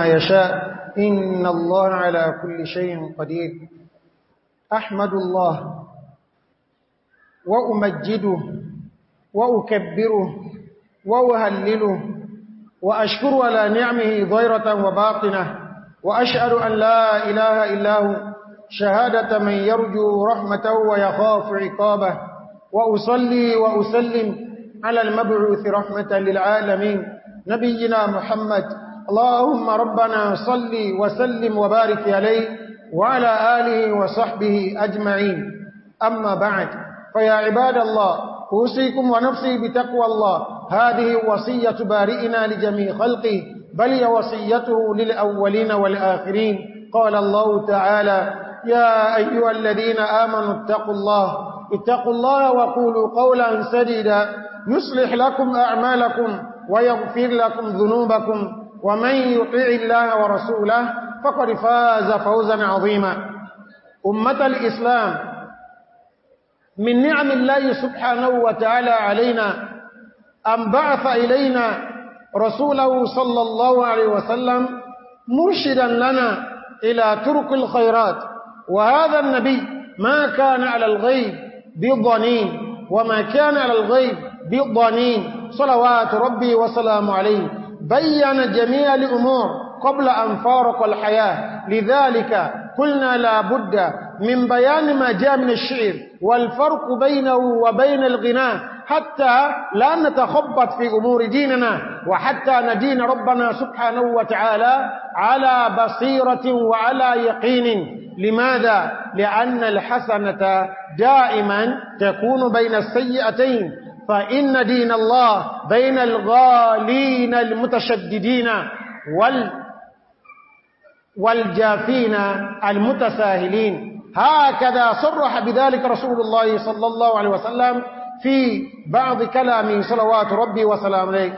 يشاء إن الله على كل شيء قدير أحمد الله وأمجده وأكبره وأهلله وأشكر على نعمه ظاهرة وباطنة وأشأل أن لا إله إلا هو شهادة من يرجو رحمته ويخاف عقابه وأصلي وأسلم على المبعوث رحمة للعالمين نبينا محمد اللهم ربنا صل وسلم وبارك عليه وعلى آله وصحبه أجمعين أما بعد فيا عباد الله أوصيكم ونفسي بتقوى الله هذه وصية بارئنا لجميع خلقه بل هي وصيته للأولين والآخرين قال الله تعالى يا أيها الذين آمنوا اتقوا الله اتقوا الله وقولوا قولا سديدا يصلح لكم أعمالكم ويغفر لكم ذنوبكم ومن يطع الله ورسوله فقد فاز فوزا عظيما أمة الإسلام من نعم الله سبحانه وتعالى علينا أن بعث إلينا رسوله صلى الله عليه وسلم مرشدا لنا إلى ترك الخيرات وهذا النبي ما كان على الغيب بضنين وما كان على الغيب بضنين صلوات ربي وسلام عليه بيّن جميع الأمور قبل أن فارق الحياة لذلك قلنا لا بد من بيان ما جاء من الشعر والفرق بينه وبين الغناء حتى لا نتخبط في أمور ديننا وحتى ندين ربنا سبحانه وتعالى على بصيرة وعلى يقين لماذا؟ لأن الحسنة دائما تكون بين السيئتين فإن دين الله بين الغالين المتشددين وال والجافين المتساهلين هكذا صرح بذلك رسول الله صلى الله عليه وسلم في بعض كلامه صلوات ربي وسلام عليك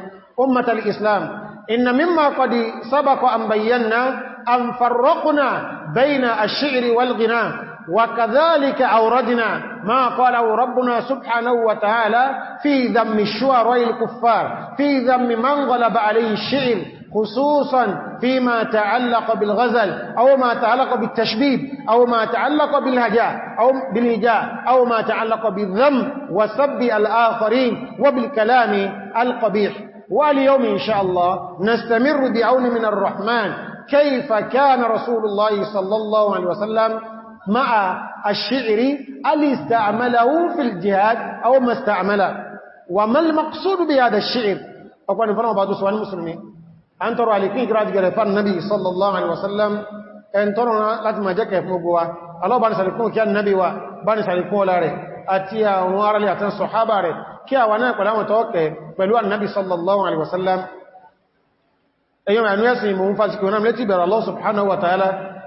أمة الإسلام إن مما قد سبق أن بينا أن فرقنا بين الشعر والغناء وكذلك أوردنا ما قاله ربنا سبحانه وتعالى في ذم الشعراء الكفار في ذم من غلب عليه الشعر خصوصا فيما تعلق بالغزل أو ما تعلق بالتشبيب أو ما تعلق بالهجاء أو بالهجاء أو ما تعلق بالذم وسب الآخرين وبالكلام القبيح واليوم إن شاء الله نستمر بعون من الرحمن كيف كان رسول الله صلى الله عليه وسلم مع الشعر اللي استعمله في الجهاد أو ما استعمله وما المقصود بهذا الشعر أقول فلما بعد سؤال المسلمين أن ترى عليكم راجع قريفان النبي صلى الله عليه وسلم أن ترى لاتما جاك في مبوا الله بان سألكم كي النبي وبان سألكم لاري أتيا ونوار لي أتن صحابة ري كي أولاك ولا متوقع بلو النبي صلى الله عليه وسلم أيما أن يسلم ومفاسكونا ملتي بر الله سبحانه وتعالى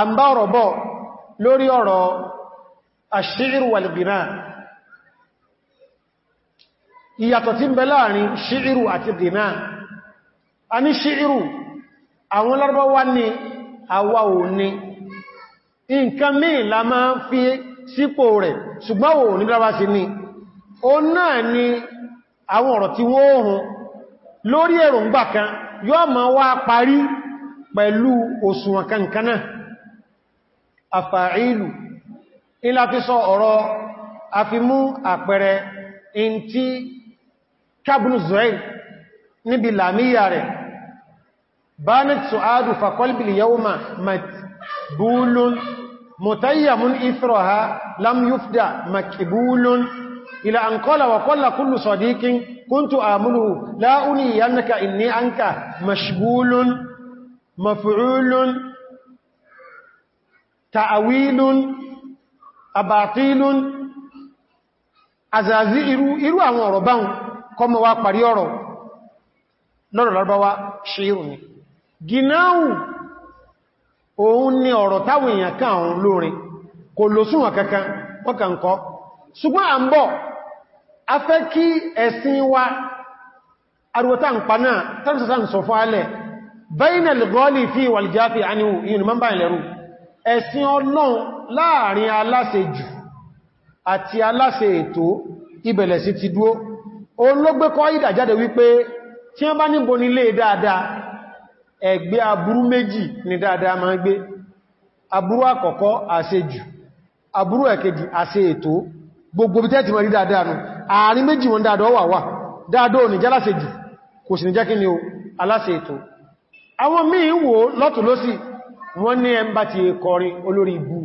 a ń bá ọ̀rọ̀ bọ̀ lórí ọ̀rọ̀ aṣíìrù wal gìnà ìyàtọ̀ tí ń bẹ láàrin ṣíìrù àti gìnà a ní ṣíìrù àwọn Lárúbáwá ní àwa ò ní nǹkan míì la máa ń fi sípò rẹ̀ ṣùgbọ́n ò ní lábá sí ní o náà ni àwọn ọ̀rọ̀ tí wọ́n ohun lórí èròǹgbà kan yóò máa wá parí pẹ̀lú òṣùwọ̀n kankanáà àfàílù ilá fi sọ ọ̀rọ̀ àfimú àpẹẹrẹ in tí kábùnù zoel níbi làmíyà rẹ̀ bánit su'adu fàkọlbìlì yawma matbulun mutayyamun ithraha lam yufda makibulun ila an qala wa qala kullu sadiqin kuntu amulu la yánaka inni anka mashbulun, maf'ulun ta'awilun abatilun azazi irú irú àwọn ọ̀rọ̀ báhùn kọmọ wa parí ọ̀rọ̀ lọ́rọ̀ lọ́rọ̀báwá ṣe irun ni gínáhù òun ni ọ̀rọ̀ táwọn èèyàn kan àwọn olórin kò lò súnwọ̀n kankan wọ́n kọ́ ṣùgbọ́n à ń bọ̀ a fẹ́ kí ẹ̀sìn wa arwata ń paná tàbí sọ fún alẹ̀ bainal gọ́ọ̀lì fi wàlìjáfi àníwò yìí ni mọ́ báyìí lẹ́rù ẹ̀sìn ọlọ́run láàrin aláṣẹ jù àti aláṣẹ ètò ibẹ̀lẹ̀ sí ti dúó olóògbé kọ́ ìdàjáde wípé tí wọ́n bá níbo nílé dáadáa ẹgbẹ́ aburú méjì ni dáadáa máa ń gbé aburú àkọ́kọ́ àṣejù aburú ẹ̀kejì àṣẹ ètò gbogbo bí tẹ́ẹ̀tì mọ̀rí dáadáa nù àárín ni o aláṣẹ ètò àwọn míì wọ́n ní ẹmbá ti kọrin olórí ibú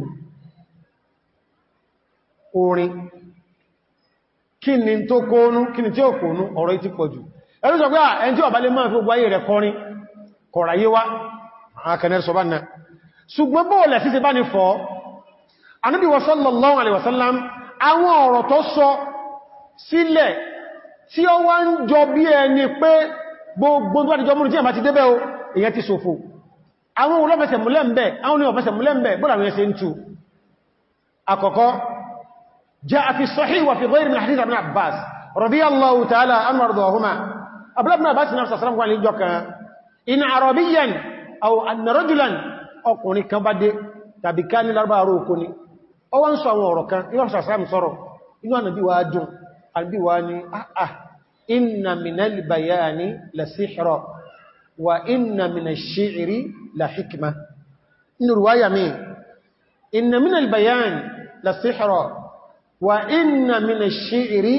orin kí ni tó kóónú kí ni tí ó kóónú ọ̀rọ̀ ìtí pọ̀jù ẹni sọ pé à ah, ẹni tí ó bá lè máa fi gbogbo ayé rẹ̀ kọrin kọ̀ràyé wá àkẹnẹ̀rẹ̀ sọ ṣùgbọ́n bóòlẹ̀ sí ti bá ní fọ́ Ànábì sallallahu alaihi wasallam àwọn ọ̀rọ̀ tó sọ sílẹ̀ tí ó wá ń jọ bí ẹni pé gbogbo tó àwọn olófẹsẹ̀ múlẹ̀ ń bẹ̀ àwọn olófẹsẹ̀ múlẹ̀ ń bẹ̀ bọ́lá rẹ̀ ṣe ń tú àkọ́kọ́ جاء في الصحيح وفي غير من حديث ابن عباس رضي الله تعالى عنه وارضاهما ابن ابن عباس نفسه صلى الله عليه وسلم ان عربيا او ان رجلا اكوني كان بده tàbí kan ní larba ro ko ni ó wá ńsọ àwọn ọ̀rọ̀ kan ina sa sam sọ̀rọ̀ inú ànábì wa dùn ànábì wa ní ah ah la hikma nínú ruwaya mi inna min albayan la sihra wa inna min ash-shi'ri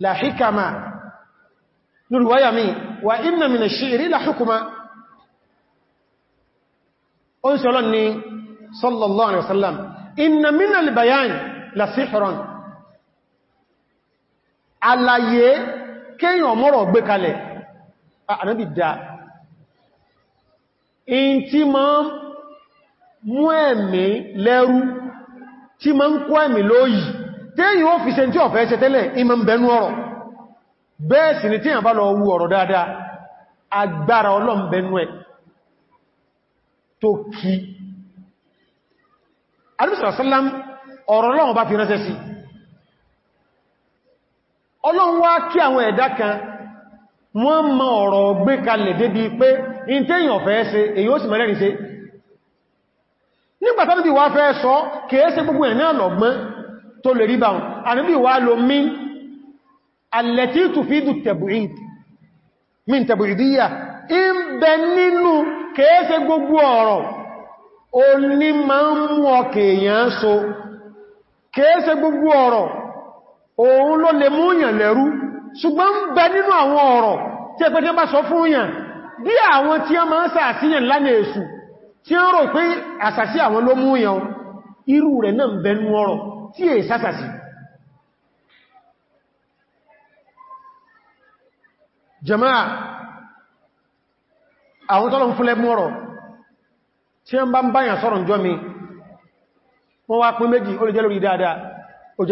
la hikama nínú ruwaya mi wa inna min ash-shi'ri la hukma ó ń sọ́lọ́ ni sallallahu alaihi wasallam inna min albayan la sihran àlàyé kéèyàn mọ́rọ̀ gbé kalẹ̀ ànábì dáa in ti ma ń mú ẹ̀mí lẹ́rú tí ma ń kó ẹ̀mí lóyìí fi ṣe tí ọ̀fẹ́ ṣe tẹ́lẹ̀ ìmọ̀ bẹnu ọ̀rọ̀ bẹ́ẹ̀ sì ni tí àbá lọ wu ọ̀rọ̀ dáadáa agbára ọlọ́m̀bẹnu ẹ̀ tó kí in tí èyàn fẹ́ ṣe èyí ó sì mẹ́lẹ́rin ṣe nígbàtà níbi wá fẹ́ sọ kèése gbogbo ẹ̀ náà lọ́gbọ́n tó lè rí báun àníbí wá lo min alẹ́tí tùfídù tẹ̀bùrìd min tẹ̀bùrìdíyà in bẹ nínú kèése gbogbo ọ̀rọ̀ o ní ma ń mú ọkèèyàn so kèése gbogbo ọ̀rọ̀ òun ló lè mú yàn lẹ́rú ṣùgbọ́n bẹ nínú àwọn ọ̀rọ̀ tí ẹgbẹ́ tí ó bá sọ fún yàn bí àwọn tí a máa ń sàásíyàn lánàá èṣù tí ó rò pé àsàsí àwọn ló mú yàn irú rẹ̀ náà bẹnu ọ̀rọ̀ tí è sásàsí jama'a àwọn tọ́lọ̀ ń fúnlẹ̀ mú ọ̀rọ̀ tí a ń bá ń báyàn sọ̀rọ̀ ń jọ mi wọ́n wá pín méjì ó lè jẹ́ lórí dáadáa àwọn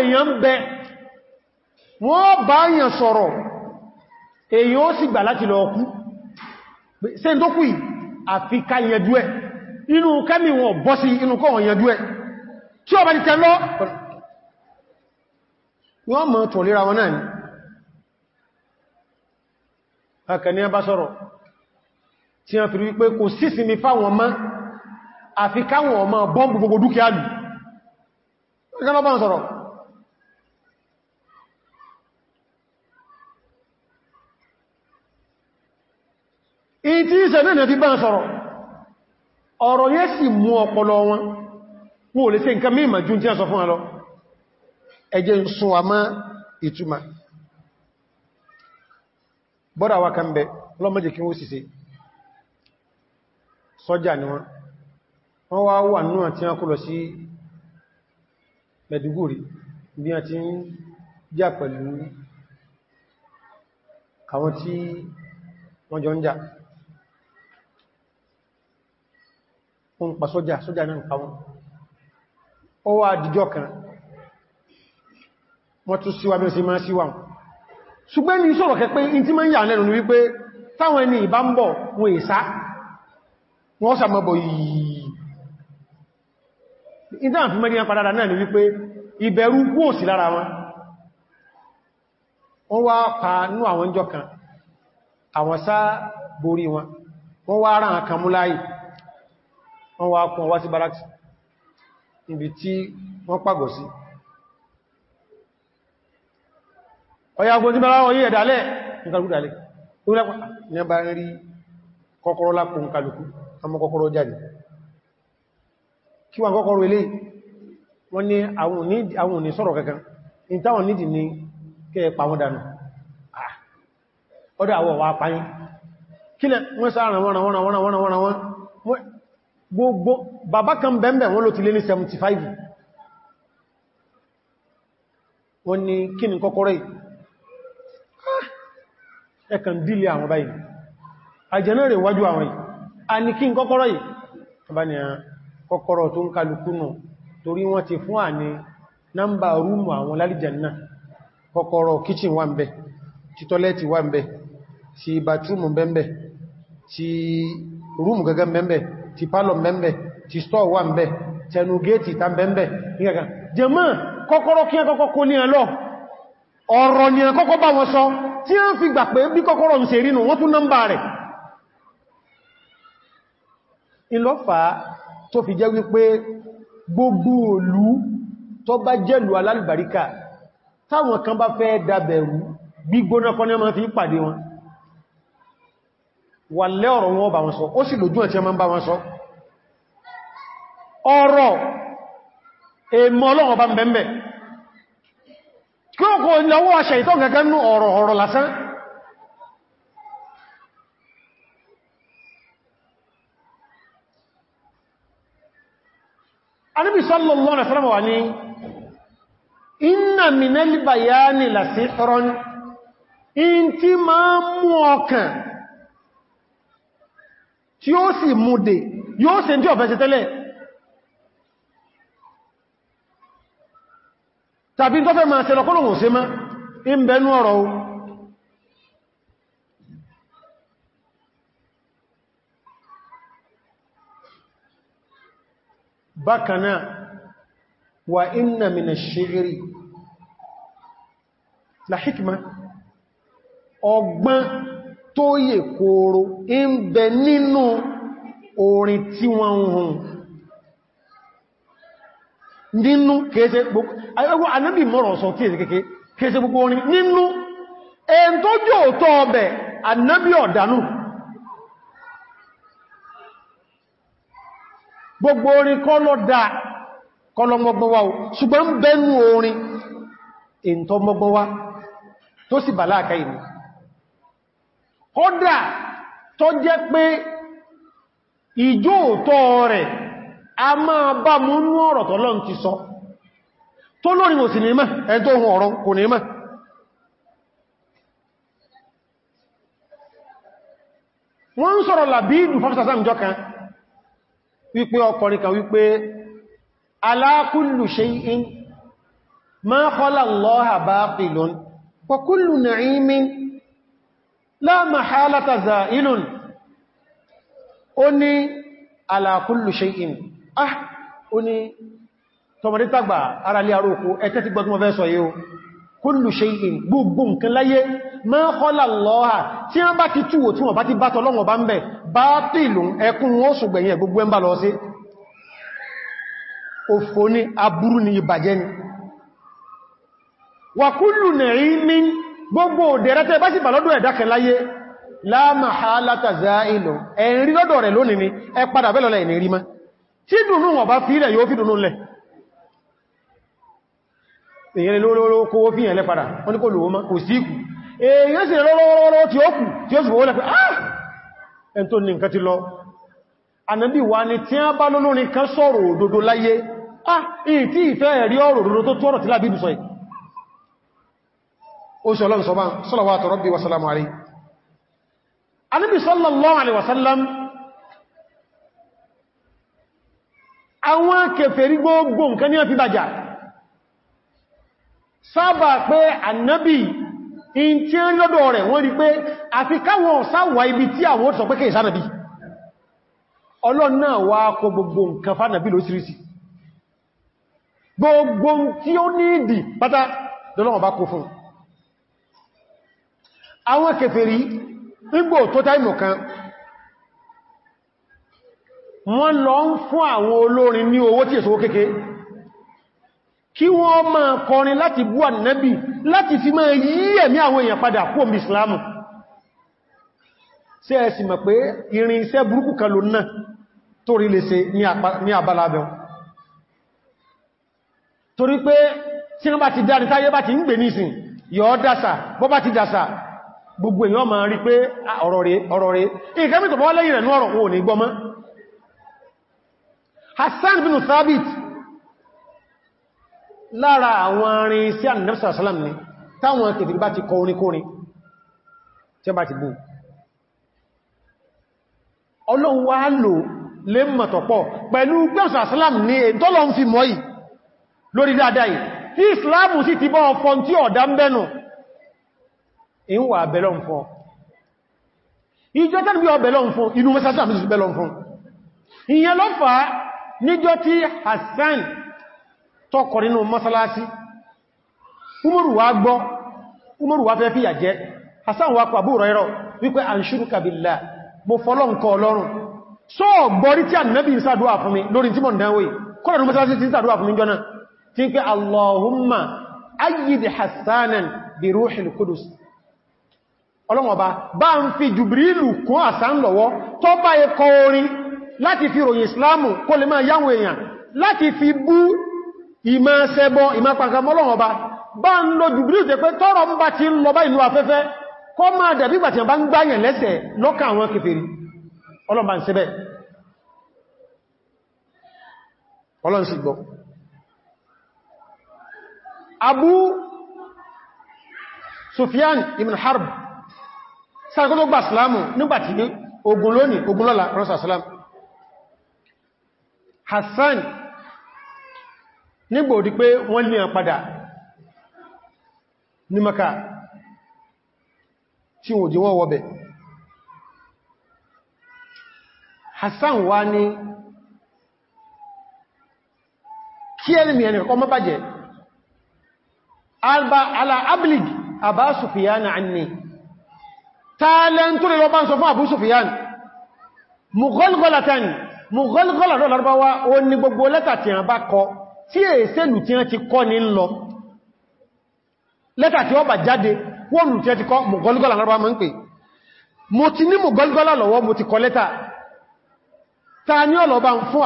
èèyàn bẹ́ẹ̀ wọ́n bá yàn sọ̀rọ̀ èyí ó sì gbà láti lọ ọkú ṣe tó kú àfi ká yẹjú ẹ̀ inú kẹ́mì wọn bọ́ sí inú kọ́ wọn yẹjú ẹ̀ tí ó bá ti tẹ́ lọ wọ́n mọ̀ tó lera wọn náà ni akẹni a bá sọ̀rọ̀ tí a fi rí pé kò sí sinmi fáwọn ọmọ àfi káwọn ọmọ bọ́m̀bù gbogbo dúkìá lù in tí ìṣẹ́ náà ti bá sọ̀rọ̀ ọ̀rọ̀ yẹ́ sì mú ọpọlọ wọn wọ́n lè ṣe nǹkan mímọ̀ jù tí a sọ fún ọlọ ẹjẹ́ sọ àmá ìtumà bọ́dà wa kan bẹ lọ́mọdé kí wọ́n síse sọ́jà ni wọ́n wọ́n jọ ń jà ó ń pa na sójà náà ń pa ó wá àdìjọ́ kan wọ́n tún síwá bí ó sì máa síwá ṣùgbẹ́ ní sọ̀rọ̀ kẹ́ pé in tí máa ń yà lẹ́nu wípé táwọn ẹni ìbá ń bọ̀ wọn èsá wọ́n sàmọ́bọ̀ yìí wọn wọ́n wá pa kan wọ́n wá kún wá sí baraki níbi tí wọ́n pàgọ́ sí ọya tí bá wọ́n yí ẹ̀dálẹ̀ nǹkanlúdálẹ̀ ní bá ń kí kankan àwọ̀ wà kílẹ̀ wọ́n ah, sáà gbogbo bàbá kan bẹ̀m̀bẹ̀ wọ́n ló ti lé ní 75 wọ́n ni kí ni kọ́kọ́rọ́ yìí ah, ẹkàn dílé àwọn báyìí àjẹ́nà wájú àwọn yìí a ní kí ni kọ́kọ́rọ́ yìí bá ní a ah, kọ́kọ́rọ́ tó ń kálukú nù torí wọ́n ti fún à ní nọ́mbà rúmù àwọn lálìjẹ̀nà kọ́kọ́rọ́ kíchìn wà ń bẹ ti tọ́lẹ́tì wà ń bẹ ti bàtúrùmù bẹ́ẹ̀ ti pálọ̀ mẹ́mẹ́ ti stọ́ wà mẹ́ tẹnu gẹ́ẹ̀tì ta mẹ́mẹ́ nígbàkan jẹmọ́ kọ́kọ́rọ́ kí ẹkọ́kọ́ kó ní ẹlọ́ ọ̀rọ̀ ni ẹkọ́kọ́ bá wọn sọ tí a ń fi gbà pé bí kọ́kọ́rọ́ ń ṣe rínú wọ́n tún nọ́mbà rẹ̀ ìlọ́fà tó fi jẹ́ wípé gbogbo òlú tó wà lẹ́ ọ̀rọ̀ wọn bá wọn sọ ó sì lójú ẹ̀tí ọmọ bá wọn sọ ọ̀rọ̀ èmọ́ ọlọ́wọ́ bá bẹ̀m̀bẹ̀ kí ó kò lọ́wọ́ aṣẹ ìtọ́ gẹ́gẹ́ nú ọ̀rọ̀ ọ̀rọ̀ lásán in ti ma mú ọkàn tí ó sì múdè yóò ṣe tí ọ̀fẹ́ ṣe tẹ́lẹ̀ tàbí tó fẹ́ máa ṣe lọ́kọ́lùmù sí mọ́ in bẹnu ọ̀rọ̀ o bákanáà wà inna min ash la hikma ọgbọ́n tó yè kòòrò ń orin tí wọ́n ń hun nínú kéèsẹ́ gbogbo ayọ́gbọ́ anábì mọ́rọ̀ sọ tí kéèké kéèsẹ́ gbogbo orin nínú ẹn tó jò tọ́ ọbẹ̀ gbogbo orin kọ́ lọ kọlọ o ṣùgbọ́n bẹ́nu orin èntọ́ mọ́gbọ́wá tó sì kódà tó jẹ́ pé ìjó òtọ́ rẹ̀ a máa bá mú ní ọ̀rọ̀ ti sọ tó lórí mò sí ní mẹ́ ẹ̀ tó hùn ọ̀rọ̀ kò ní mẹ́ wọ́n ń sọ̀rọ̀ làbídù fọ́fíṣàsá ìjọ kan wípé la mahalata za'ilun ó ní ala kullu shay'in ah ó ní tọmọdé tàgbà ara lé aróko ẹ̀tẹ́ ti gbọ́gbọ́n fẹ́ sọ yíó kullu shay'in gbogbo nǹkan láyé ma khala Allaha tí wọ́n bá ti túwò tí wọ́n bá ti bátọ̀ lọ́wọ́ gbogbo òdẹ̀rẹ́tẹ́ bá sì bà lọ́dọ̀ ẹ̀dákẹ láyé láàmà hálátà záìlò ẹ̀rí lọ́dọ̀ rẹ̀ lónìí ni ẹ padà bẹ́lọ́lẹ̀ ìní rí má tí dùnú wọn bá fílẹ̀ yóò fi dùnú lẹ̀ èyàn lọ́wọ́lọ́wọ́ kó fi yẹn lẹ́ padà wọ́n ní kò lòó má kò sí ikú èyàn sì lọ́wọ́lọ́wọ́ tí ó kù tí ó sì wọ́lẹ̀ pé ah ẹn tó ní nǹkan ti lọ ànábì wa ni tí a bá lólórin kan sọ̀rọ̀ òdodo láyé ah ìtí ìfẹ́ ẹ̀rí ọ̀rọ̀ òdodo tó tọ́rọ̀ tí lábí ìbùsọ̀ yìí oṣù ọlọ́run sọba sọ́lọ̀wàtọ̀ rọ́bí wasalamu arí anábi sallallahu alaihi wasallam àwọn kèfèrí gbogbo nǹkan ní ọ̀fí bàjá sábà pé annabi in tí ń lọ́dọ̀ rẹ̀ wọ́n rí pé àfi káwọn sáwà ibi tí àwọn sọ pé kèèsà nàbí ọlọ́run náà wá kọ gbogbo nǹkan fánàbí lóṣìírísì gbogbo tí ó ní ìdí pátá lọ́lọ́wọ́ àwọn kèfèrí nígbò tó táìmù kan wọ́n lọ ń fún àwọn olórin ní owó tí èsòwò kéèké kí wọ́n máa kọrin láti bú ànábì láti fi máa yí ẹ̀mí àwọn èèyàn padà kúrò ní islamu sí ẹ̀sì mọ̀ pé irin iṣẹ́ burúkú kan ló náà tó lè ṣe ní abalabẹ̀ torí pé tí wọ́n bá ti dá ní táyé bá ti ń gbè nísìn yọ́ dásà bọ́ bá ti dásà gbogbo èyàn ma rí pé ọ̀rọ̀ rẹ̀ ọ̀rọ̀ rẹ̀ ìkẹ́ mìtọ̀ bọ́ lẹ́yìn rẹ̀ ní ọ̀rọ̀ òní gbọmọ́ Hassan bin Thabit lára àwọn arin sí ànìyàn sàlám ni táwọn kèfèrí bá ti kọ oníkórin tí a bá ti bú Ọlọ́run wá lò lè mọ̀tọ̀pọ̀ pẹ̀lú gbẹ́sà sàlám ní ètọ́lọ́ lórí dáadáa yìí tí Ìsìláàmù sì ti bọ́ ọ̀fọ́n tí ọ̀dá ń bẹ́nu ìwà abẹ́lọ́n fún ìjọ tẹ́lú bí ọbẹ̀lọ́n fún inú mẹ́sàtà mẹ́sàtà bẹ́lọ́n fún ìyẹn ló fà á níjọ tí Hassan tọ́kọ̀ nínú mọ́sálásí Umaru wa gbọ́ Umaru wa fẹ́ fìyà jẹ Hassan wá pàbú rẹ̀ wípé anshuruka ń lori fún mi lórí ọlọ́mọba bá ń fi jùbìrìlù kún àsán lọ́wọ́ tó bá ẹkọ orin láti fi ròyìn islamu kó lè máa yáwọn èèyàn láti fi bú ìmá ṣẹbọ ìmá pàkàmọ́ ọlọ́mọba bá ń lọ jùbìrìlù tẹ́ pé tọ́rọ ń bá a bá ń gbáyàn lẹ́sẹ̀ lọ́kà àwọn kèfèrí ọlọ́mọba ń ṣe bẹ́ẹ̀ ọlọ́n sì Abu Sufyan ibn Harb sàrẹ́kọ́lọ́ gbà sàlámù nígbàtí ní ogun lónìí ogun lọ́la rọ́sà sàlám Hassan nígbò di pé wọ́n lè padà ní maka tí wọ́n jí wọ́n wọ́bẹ̀ Hassan wá ní kí ẹni kọ́ mọ́ bàjẹ́ alba ala ablig Aba Sufiyana anni tààlẹ́n tó lè lọ bá ń sọ fún Abu Sufyan mughalghalatan mughalghala lọ lọ́rọ̀báwá o ní gbogbo lẹ́tà tí a bá kọ tí èsèlù tí a ti kọ́ ní lọ lẹ́tà tí ó bà jáde wọ́n tí a ti kọ́ mughalghala lọ́rọ̀bá mọ́ ń pè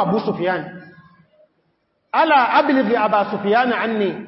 Abu Sufyan ala abilifi Aba Sufyan anni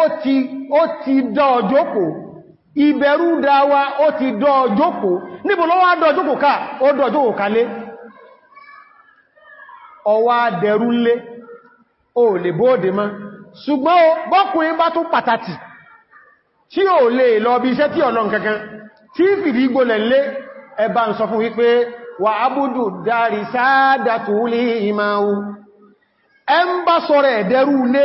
ó ti ó ti dọ́ọ̀jókò ìbẹ̀rú dáwà ó ti dọ́ọ̀jókò níbo ló dọ́ọ̀jókò ká ó dọ́ọ̀jókò kalé ọwá dẹ̀rú lé ó lè bóòdè mọ́ ṣùgbọ́n bọ́kùnrin bá tó pàtàkì tí ó lè lọ bí iṣẹ́ tí tí ń bá sọ rẹ̀ lé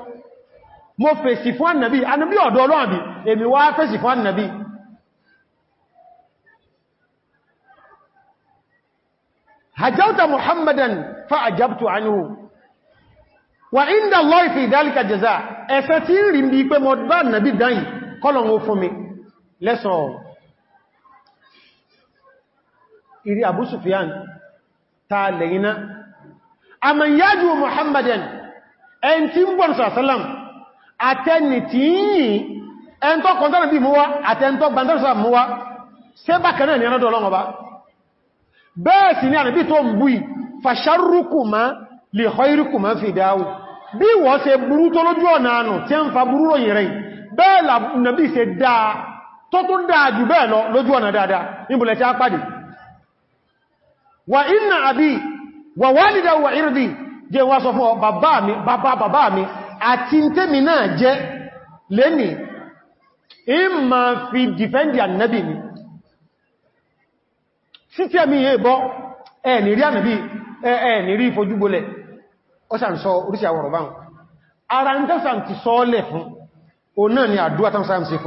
mo fèsì fún ànàbí ànàbí ọ̀dọ̀ ọlọ́ọ̀bí èmi wá fèsì fún ànàbí hajjauta muhammadan fa'ajabtu anhu wa inda Allah fi dhalika jaza ẹ̀fẹ́ tí ń rí bí pé mo bá ànàbí dáyìn kọ́lọ̀ ó fún mi lẹ́sàn ìrí Abu Sufyan ta lẹ́yìnà àmàyájú muhammadan ẹn tí ń bọ̀n sàásálàmù àtẹni tí yìí ẹn tó kọntánà bí múwá àtẹn tó gbàndánsà múwá ṣe bákan náà ni ẹnà dọ̀lọ́ ọba bẹ́ẹ̀ sì ni ànàbí tó ń bú ì fàṣárùkùmá lè họ́irùkùmá fi dáwù bí wọ́n ṣe burú tó lójú ọ̀nà ànù tí ń fa burú ròyìn rẹ̀ bẹ́ẹ̀ lànàbí ṣe dáa tó tún dáa jù bẹ́ẹ̀ lọ lójú ọ̀nà dáadáa níbùlẹ̀ tí a pàdé wà inna àbí wà wálìdá wà mi bàbá bàbá mi àti tèmi náà jẹ́ lẹ́ni in ma fi dìfẹ́ndì ànẹ́bì ni títí ẹ̀mí yẹ bọ́ ẹ̀ẹ̀ni rí ànẹ́bì ẹ̀ẹ̀ni rí ìfojúgbólẹ̀ ọ́sàn sọ oríṣìí àwọ̀rọ̀ báhùn ara ń tẹ́sàn ti sọ́ọ́lẹ̀ fún o náà ni àdúwà tán sí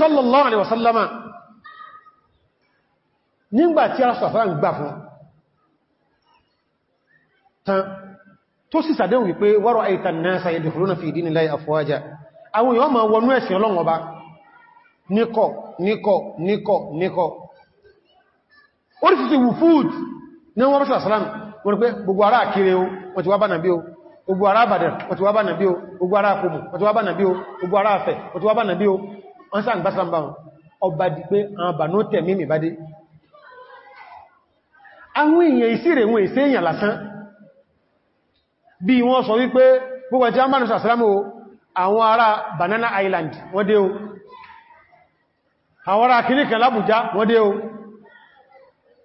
sallallahu alaihi wasallama nígbàtí ara sọ̀fà ń gbà fún tán tó sì sàdéhùn wípé wọ́rọ̀ àìtàn náà sayẹ̀dùfúrúnà fi ìdí àfúwájá àwọn èèyàn máa wọnú ẹ̀sìn Ọlọ́run Ọba níkọ̀ níkọ̀ níkọ̀ níkọ̀ orísìsì wùfúùd ní wọ́n rọ́sùlá sàlám wọ́n pé gbogbo o wọ́n ti wá gbogbo ará àbàdàn wọ́n ti wá bá nàbí o gbogbo ará àkómù wọ́n ti na o gbogbo ará bí wọ́n sọ wípé gbogbo tí a mọ́ nìsà àwọn ará Banana Island wọ́n dé o àwọn ará kìníkà lábùjá wọ́n dé o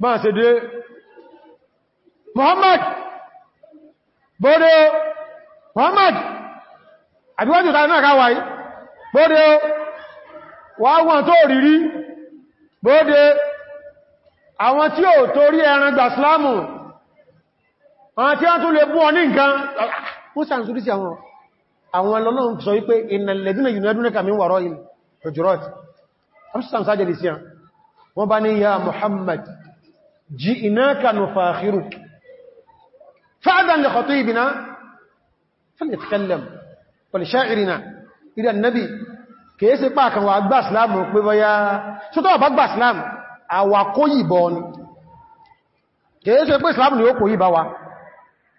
máa ṣe dé Muhammad bóde o Muhammad àbíwájú tàbí náà káwàá bóde o wà wọ́n tó rírí bóde àwọn tí ó torí ẹran gbà sàlámù àwọn ah, tí wọ́n tún lè bú ọ ní nǹkan ó sàǹsúrí sí àwọn àwọn ọlọ́run sọ wípé ìnàlẹ̀dínà yunadunaka min wàrọ̀ il hujurat amsterdam sájẹ̀lì sí wọ́n bá ní ya Muhammad ji'naka nufakhiruka fa'dan li khatibina falyatakallam wa li sha'irina ila annabi kìí sí pàkan wà gbà pé bọ́yá ni ó kò yìí bá wa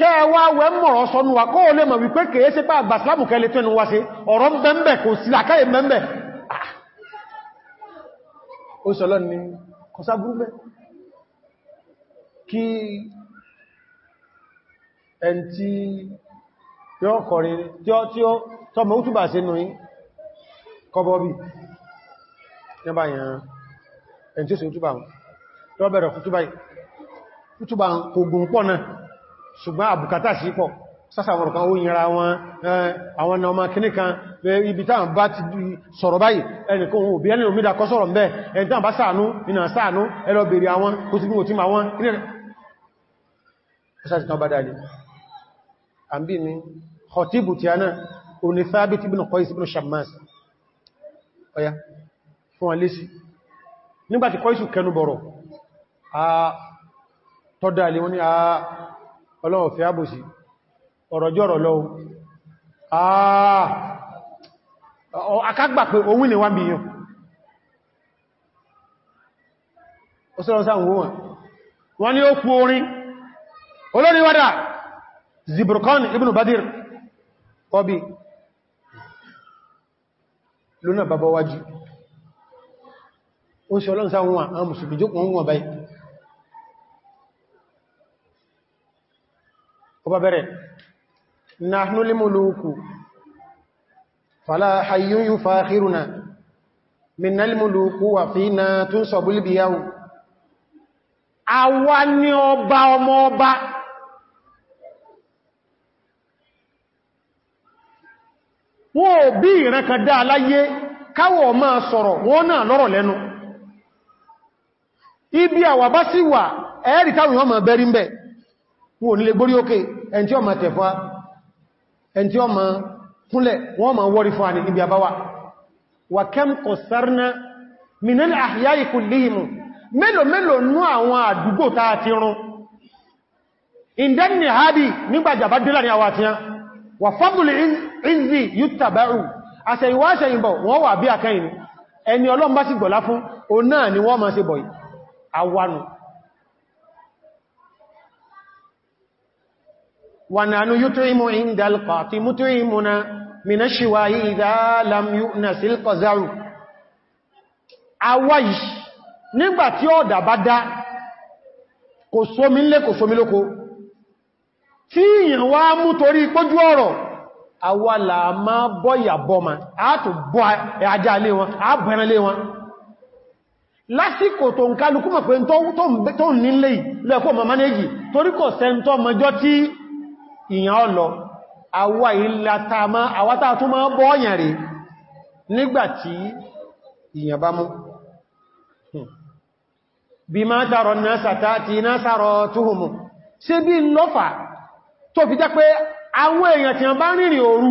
kẹwa wẹ mọ̀rọ̀ sọnù wà kó lè mọ̀ wípé kèé sí pà bàsílámù kẹlẹ̀ tẹ́nu wá sí ọ̀rọ̀ mẹ́mẹ́ kò sí àkáyè mẹ́mẹ́ ah! ó sọ́lọ́ ni kọsábúrúgbẹ́ kí ẹn tí yọ́ kọ̀rẹ̀ tí ó tí ó tọ́mọ̀ útùbà sí nù yí kọbọ́bí níbàyàn ẹn ṣùgbọ́n àbùkátà sí pọ̀ sásàwọn kan ó yìnra wọn àwọn ọmọ kìníkan ibi táà bá ti sọ̀rọ̀ báyìí ẹnìkan ohun òbí ẹni òmìdá kọ́ sọ̀rọ̀ mẹ́ ẹni táà bá ṣàánú nínà ṣàánú ẹlọ bèèrè àwọn kò sí bí mo ti ma wọn nígbàtí kọ́ ìsù kẹnu bọ̀rọ̀ tọ́dá ilé wọn ni a ọlọ́run fi ábòsí ọ̀rọ̀jọ́rọ̀ lọ́wọ́ ah! àkágbà pé òun ni wá bí yàn ó sọ́rọ̀ sáwọn wọn wọ́n ni ó kú orin olórin wádà ibn Badir ọbí lónà bàbá wájú ó sọ́rọ̀ sáwọn wọn àwọn mùsùlùmí jókòó wọn báyìí ọba bẹ̀rẹ̀ nahnu limuluku fala hayyun yufakhiruna minna limuluku wa fina tunsabul biyahu àwa ni ọba ọmọ ọba wọ́n ò bí ìrẹ́kàdá aláyé káwọ̀ máa sọ̀rọ̀ wọ́n náà lọ́rọ̀ lẹ́nu ibi àwàbá sí wà ẹ̀ẹ́rì táwọn ọmọ bẹ̀rí ń bẹ̀ẹ́ wọn ò nílé gbórí òkè ẹn tí ó ma tẹ̀fà ẹn tí ó ma kúnlẹ̀ wọ́n ma wọ́rí fún àní níbi àbáwà wà kẹ́m kọ̀sárná minan àhíyá ìkùnlẹ̀hìmù mélòó mélòó nú àwọn àdúgbò tá a ti run ìndẹ́ni hábì nígbàjàbá dé láàrin ni wọ́n ma ṣe ونحن يطعم عند القعط مطعمنا من الشواء na لم يؤنس القزع àwáyì nígbà tí ọ̀dà bá dá kò sómi lé kò sómi lóko tí ìyàn wá mú torí pójú ọ̀rọ̀ àwàlà máa bọ́yà bọ́ma àátò bọ́ ajá lé wọn àbẹ̀rẹ̀ lé wọn lásìkò tó ń kálukú mọ̀ pé tó ń nílé lẹ́kọ́ mọ̀ manéjì torí kò sẹ́ntọ́ mọjọ́ tí ìyàn ọlọ àwa ìlàtàmá àwátà tó máa bọ́ọ̀yàn rí nígbàtí ìyàn bá mú hmm. bí máa tàrọ náà sàtàtì náà sàrọ sí bí lọ́fà tó fi jẹ́ pé àwọn èèyàn tí wọ́n bá rìnrìn òru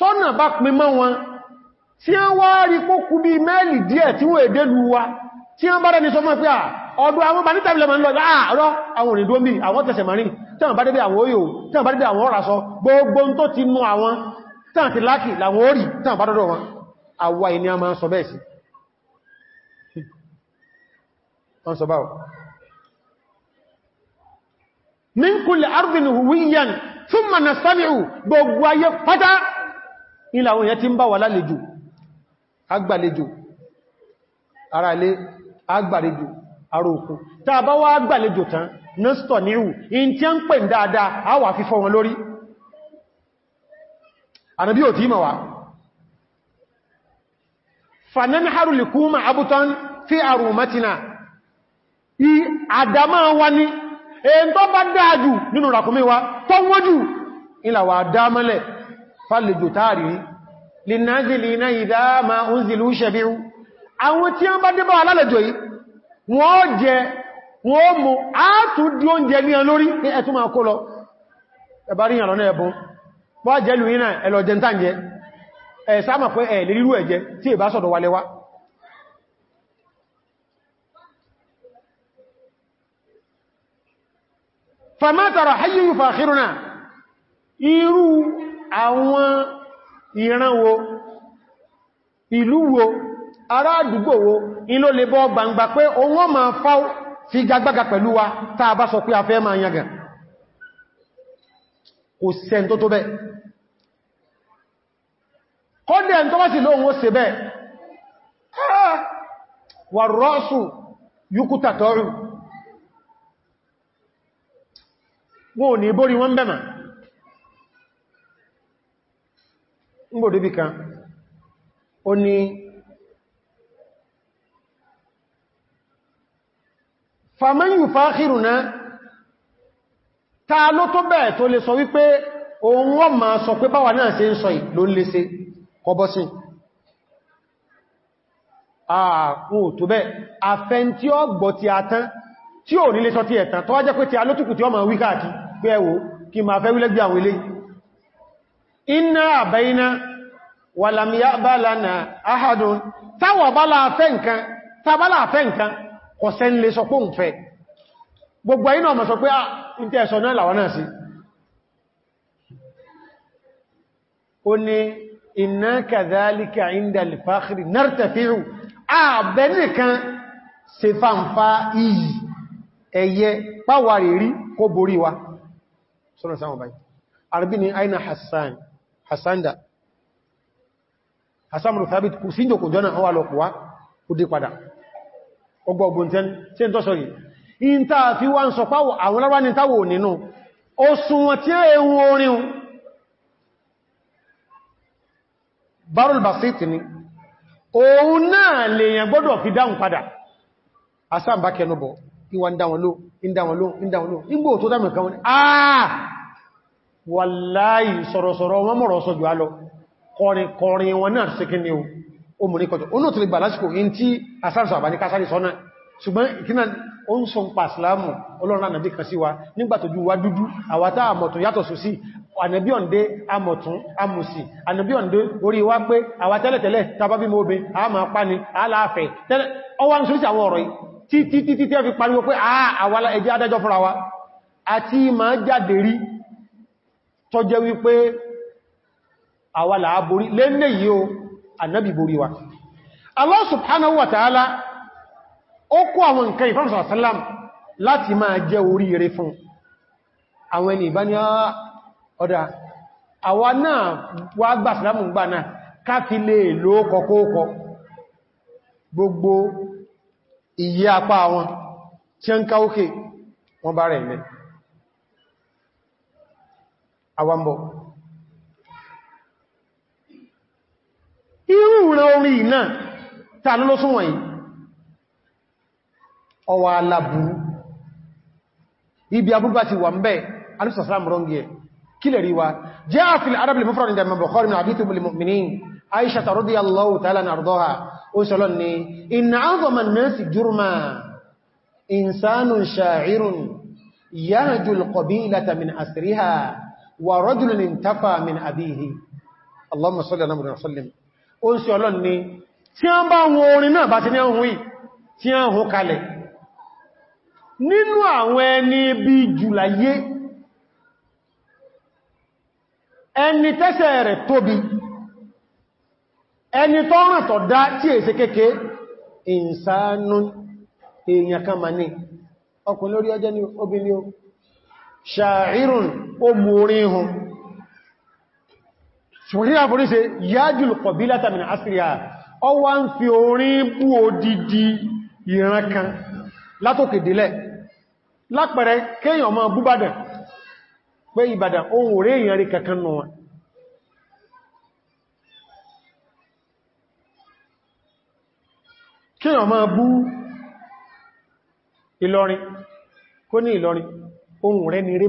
tọ́nà bá pín mọ́ wọn tí wọ́n wá rí bí mẹ́lì díẹ̀ tí wọ́n èdè lù wa tí wọ́n bá rẹ̀ ní sọmọ́ pé ọdún àwọn tán bá débẹ̀ àwọn oyò tán bá débẹ̀ àwọn ọ̀rásọ gbogbo tó ti mú àwọn tán ti láàkì làwọn orí tán bá dọ́dọ̀ wọn àwà ìní a máa sọ bẹ́ẹ̀ sí wọ́n sọ báwọ̀ min kulli ardin huwiyan thumma nastami'u gbogbo ayé pátá ilẹ̀ àwọn èèyàn ti ń bá wà lálejò agbàlejò ara ilé agbàlejò ara òkú tàbá wá agbàlejò tán nọ́stọ̀ níhù in tí a ń pè dáadáa a wà fífọ́ wọn lórí ànàbí ò tí mọ̀ wá fanan harulikuma abutan fi arumatina i àdámá wa ni èyí tó bá dáadù nínú ràkúnmí wa tó wọ́jù ìlàwà dámẹ́lẹ̀ fàlejò táàrí lè náà àwọn tí a ń bá débọ̀ yìí wọ́n jẹ wọ́n mú áàtù dí oúnjẹ ní ọ lórí ní ẹ̀tún máa kó lọ ẹ̀bárí ìyàn lọ́nà ẹ̀bùn bọ́ jẹ́lù iná ẹ̀lọ́jẹ́ tàǹjẹ́ ẹ̀ sáàmà pé ẹ̀ lè rírú ẹ̀jẹ́ tí è bá sọ̀dọ̀ wà lẹ́wà fàmátàrà hayyíyù fàkírùnà irú àwọn ìran wo ìlú wo ará àdúgbò wo iló lè bọ́ gbangba pé òun wọ́n máa fáwọ́ fi gagbága pẹ̀lú wa ta bá sọ pé a fẹ́ máa yangàn kò sẹ́n tó tó bẹ́ kọ́dẹ̀ tó bá sì lóhun ó se bẹ́ ah! wà rọ́ọ̀sù yúkútà tọ́rù wọn ò ní borí wọn bẹ̀mà ń gbòdó bí fàmán yù fáàkìrù náà ta ló tó bẹ̀ẹ̀ tó lè sọ wípé òun wọ́n ma sọ pé báwa náà ṣe ń sọ ì ló ń lè ṣe kọbọ́ sí ààkùn tó bẹ́ afẹ́ tí ó gbọ́ ti àtán tí ò nílé sọ ti ẹ̀tàn tó wá jẹ́ pé ti alótùkù tí ó ma wí pé ẹwò kí ma fẹ́ wílẹ́gbẹ̀ kọ̀sẹ́ ń lè sọ pé òun fẹ́ gbogbo ayé náà mọ̀ sọ pé à ah, ń tẹ́ ẹ̀sọ náà làwọn náà sí ó ní inna kadhalika inda al-fakhri nartafi'u ààbẹ̀ nìkan fàǹfà iyì ẹ̀yẹ páwà rí kó borí wa sọ́nà sáwọn báyìí ọgbọ̀ ogun tí ń tọ́sọ̀ yìí in ta fi wá ń sọ páwọ̀ àwọn lára ní táwò nínú ó súnwọ́n tí èwọ orin barul basiti ni òun náà lèyàn gbọ́dọ̀ fi dáhùn padà asáàmbá kẹnubọ̀ ìwà ń dáwọn ló ń dáwọn ló ń dáwọn ló nígbò tó dámì kan àà wàláì sọ̀rọ̀sọ̀rọ̀ wọn omùrí kọjọ o náà tó lè gbà lásìkò in tí asáàsù àbáni kásárì sọ́nà ṣùgbọ́n ìkínà o ń sọ ń pa ìsìlámù ọlọ́run ànàbí kan sí wa nígbàtòjú wa dúdú àwátá àmọ̀tún yàtọ̀ sí sí ànàbí ọ̀ndé àmọ̀tún àmùsì ànàbí ọ̀ndé orí wa pé àwa tẹ́lẹ̀tẹ́lẹ̀ tàbá bí mọ́bẹ̀ àmà pani aláàfẹ́ tẹ́lẹ̀ ọwá ń sóríṣì àwọn ọ̀rọ̀ yìí tí tí tí tí fi pariwo pé àwa ẹjẹ́ adájọ́ fúnra wa àti ma jáde rí tọ́jẹ́ wípé àwa làáborí lẹ́nẹ̀ yìí o annabi borí wa Allah subhanahu wa ta'ala ó kó àwọn nǹkan ìfẹ́mùsọ̀ sallam láti máa jẹ orí ire fún àwọn ẹni ìbá ní ah, ọ̀dá àwa náà wá gbà sàlámù gbà náà ká lè ló kọkóókọ gbogbo iye apá wọn tí ó ń ká òkè wọn bá rẹ̀ ilẹ̀ àwambọ̀ irú rẹ̀ orí náà tà ló sún wọ̀nyí ọwà aláburú ibi abúgbà ti wà ń bẹ́ alùsàsàràm rọ́ngì ẹ̀ kílẹ̀ ríwá jẹ́ àfil arábìlì mọ́fọ́rọ̀ ìdàmà bukhari min àbí tóbi mọ̀mìnín aisha ta rọ́dí allahu ta'ala na àrùdọ́ha ó sọ́lọ́ ni inna azọman nasi jurma insanun wa rajulun ó ń sí ọlọ́n ni tí a ń bá wọn orin náà bá ti ní ọ̀hún yìí tí a ń hó kalẹ̀ nínú àwọn ẹni bí jùláyé ẹni tẹ́sẹ̀ rẹ̀ tóbi ẹni tó rìn tọ̀ dá tí èsẹ kéèké ìsànú èèyàn kan mani ni obìnrin ṣàírùn ó mú orin hun ṣùgbọ́n àforí ṣe yájúlù kọ̀bí látàmìnà asìríà ọ wá ń fi orin bú odidi ìran kan látòkèdélẹ̀ lápẹẹrẹ kéèyàn máa búbàdàn pé ìbàdàn ohun òré èèyàn rí kankan nù wọn kéèyàn máa bú ìlọrin kó ohun rẹ̀ ní rí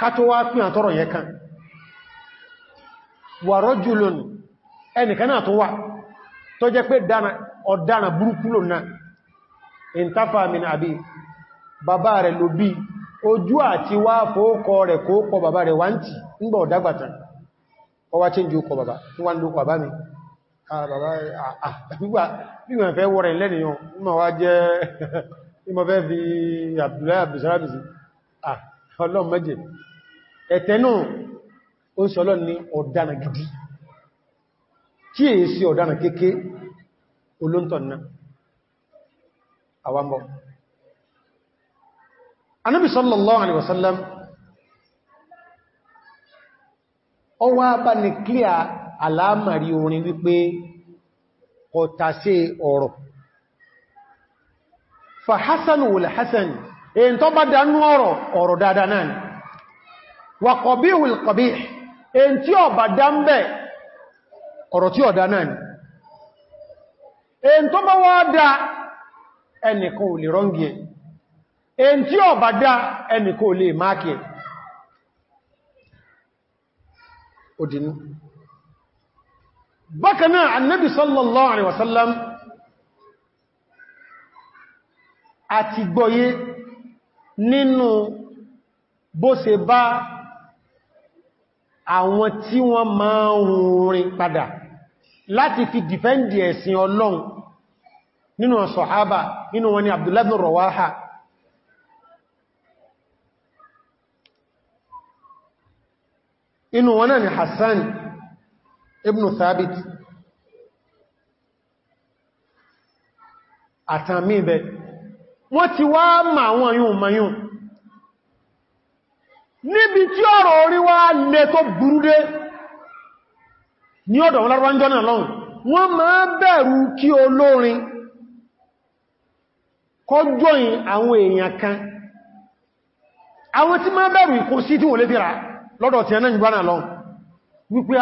kátó wá pín àtọ́rọ̀ yẹ kan wà rọ́jùlùn ẹnìkan náà tó wà tó jẹ́ pé ọ̀dánà burúkú lò náà ìntafà min àbí bàbá rẹ̀ ló bí ojú àti wá fóókọ rẹ̀ kó kọ bàbá rẹ̀ wá ń tì ńgbọ̀ ọ̀dágbàtà ọwá tí ń jú kọ bàbá wá ń lókọ bàbá mi bàbá ọlọ́run méje ẹ̀tẹ́ náà ó ń sọ ọlọ́run ní ọ̀dánà gidi kí èyí sí ọ̀dánà kéèké olóntọ̀ náà àwambọ̀ anábi sallallahu alaihi wasallam ó wá bá ní kílíà aláàmàrí orin wípé ọ̀tàṣe ọ̀rọ̀ fàhásánù wùlẹ̀ hásánù èyí tó bá dánú ọ̀rọ̀ ọ̀rọ̀ dáadáa náà ni wà kọ̀bí ìwìlkọ̀bí èyí tí ó bá dánbẹ̀ ọ̀rọ̀ tí ọ̀dá náà ni èyí tó bá wá dá ẹnìkan ò lè rọ́ngì ẹ̀ èyí tí ó bá dá ẹnìkan ò lè máàkì ẹ̀ òdínú bákanáà sallallahu alaihi wasallam àti gbọ́yé nínú bó ṣe bá àwọn tí wọ́n máa ń rìn padà láti fi dìfẹ́ndì ẹ̀sìn ọlọ́run nínú sọ̀hábà nínú wọn ni Abdullahi bin Rawaha inú wọn náà ni Hassan ibn Thabit àtàmì bẹ̀rẹ̀ wọ́n ti wá ma àwọn yùn mayùn níbi tí ọ̀rọ̀ orí wá lẹ tó burú ní ọ̀dọ̀ wọn lárúwá wọ́n máa bẹ̀rù kí olórin kọjọ́yìn àwọn èèyàn kan àwọn tí ma bẹ̀rù ikú sí tí wọ́n lé dìra lọ́dọ̀ tí ẹnà ìgbàna wípé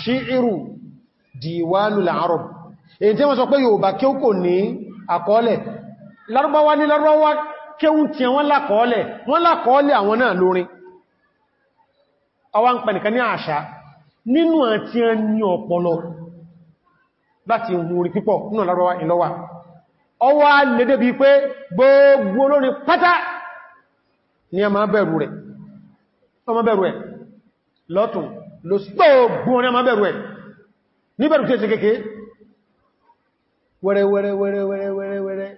sì òwe èyí tí wọ́n sọ pé Yorùbá kí ó kò ní àkọọ́lẹ̀ Lárúbáwá ní Lárúbáwá kéwú tí wọ́n lákọọ́lẹ̀ wọ́n lákọọ́lẹ̀ àwọn náà lórin àwọn pẹ̀nìkan ní àṣà nínú àti ẹni ọpọlọ láti wúrí pípọ̀ nínú Lárúbáwá ìlọ́wà ọwá lédé bí pé ni a máa bẹ̀rù rẹ̀ ọmọ bẹ̀rù ni a máa bẹ̀rù wẹ́rẹ́ wẹ́rẹ́ wẹ́rẹ́ wẹ́rẹ́ wẹ́rẹ́ wẹ́rẹ́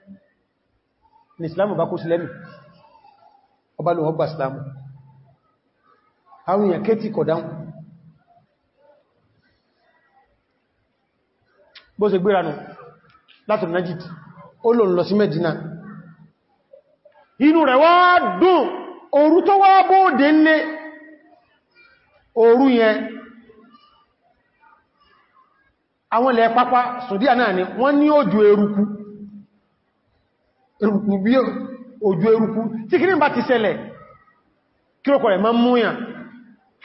ní islamu bá kó sílẹ́mì ọba lọ ọgbà islamu àwọn èèyàn kéèkì kọ̀ dáhùn látọ̀ ó Medina inú rẹ̀ wá dùn òru tó wá bóòdé nlé àwọn ilẹ̀ pápá sùdíà náà ni wọ́n ní òjò eruku bí òjò eruku tí kí ní bá ti ṣẹlẹ̀ kí ló kọ̀rẹ̀ máa múyàn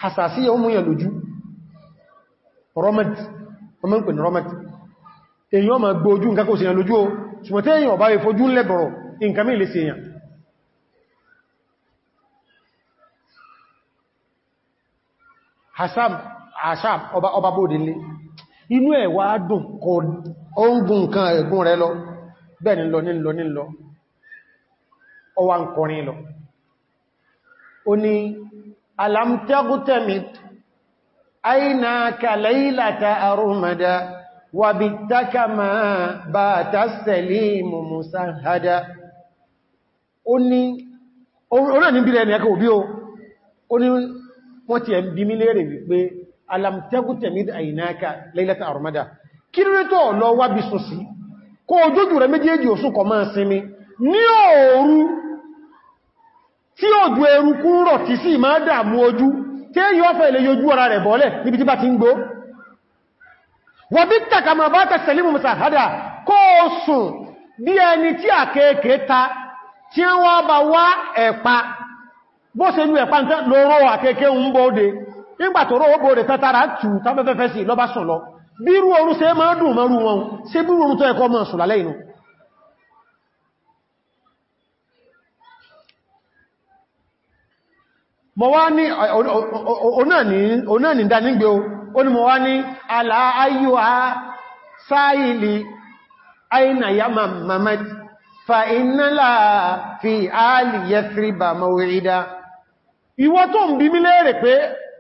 hasasíyà ó múyàn lójú romad ma gbọ́ ojú nǹkan kò sí lójú o ṣùgbọ́n tí èyàn ọba ìfojú lẹ́bọ̀rọ̀ nǹkan mí lè sí èyàn hasab ashab ọba inú ẹ̀ wá dùn kò oúngun nǹkan ẹ̀gùn rẹ lọ bẹ́ẹ̀ ni lọ ní lọ ní lọ ọwà ń kọrin lọ o ni alamtẹ́gútẹ́mìt aina kalailata arumada wa bitaka ma ba ta salimu musahada o ni orí ẹni bí rẹ̀ ni ẹkọ̀ o o ni wọ́n ti ẹ̀ bí mí lérè wípé alamtẹ́kù tẹ̀mí àìnáka lẹ́lẹ́ta àrùmádà kí ní tó lọ wá bí sọ sí kó ojójú rẹ méjèèjì òsù kọ máa sinmi ní òòrù tí òjò eruku rọ̀ tí sí máa dàmú ojú tí èyí ọ́fẹ́ ilẹ̀ yóò jú ara rẹ̀ bọ́lẹ̀ níbi tí bá ti ń gbó wọ́n bí tàkà máa bá tẹ̀sẹ̀límù lóró àkẹ́ẹ̀kẹ́ ń bóde nígbà tó rọ́ bóòrè tátàrà tù tábẹ́fẹ́fẹ́ sí lọ́bá sùn lọ bírú orun ṣe máa dùn mọ́rú wọn ṣe bírú orun tó ẹkọ́ mọ́ sùn lálẹ́ inú mọ̀ wá ní onáà ní dánígbé o ó ní mọ̀ wá ní aláàáyíwá sáìlì àìnàyà fi ààlì yẹ́fìrìbà mawrida ìwọ tó ń bí mílẹ̀ rẹ̀ pé